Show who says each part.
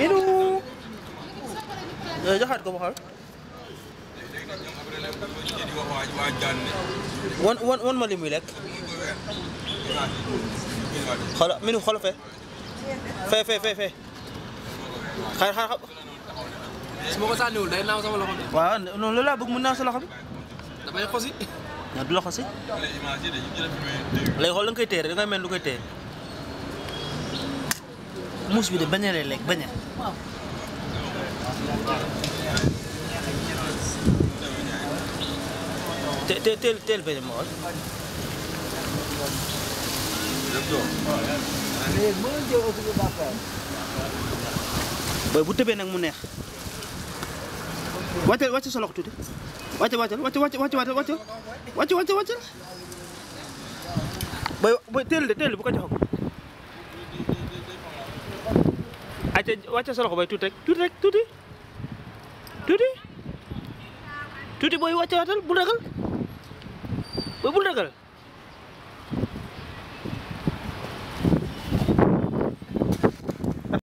Speaker 1: Hello. Eh, joxaat ko ba xool. wan wan wan ma li muy lekk. xoolal mi ngi xool fee. fee fee fee fee. xaar xaar. su ma ko sànniwul day naaw sama loxo bi. waaw noonu la laa bëgg mu naaw sa loxo bi. damay xosi. nga du la xosi. léegi xool la téye rek da mel lu koy téye. muus bi de
Speaker 2: bañ a lekk bañ a.
Speaker 3: te te teel teel bañ
Speaker 2: bu tëbee nag mu neex. wàcce wàcce sa loxo tuuti. wàccal wàccal wàccal wàccal wàccal wàccal booy booy teel de teel bu ko jox ko.
Speaker 4: ayca wàccal sa loxo booy tuuti rek tuuti rek tuuti tuuti tuuti booy wàccal wàccal bul ragal booy bul ragal.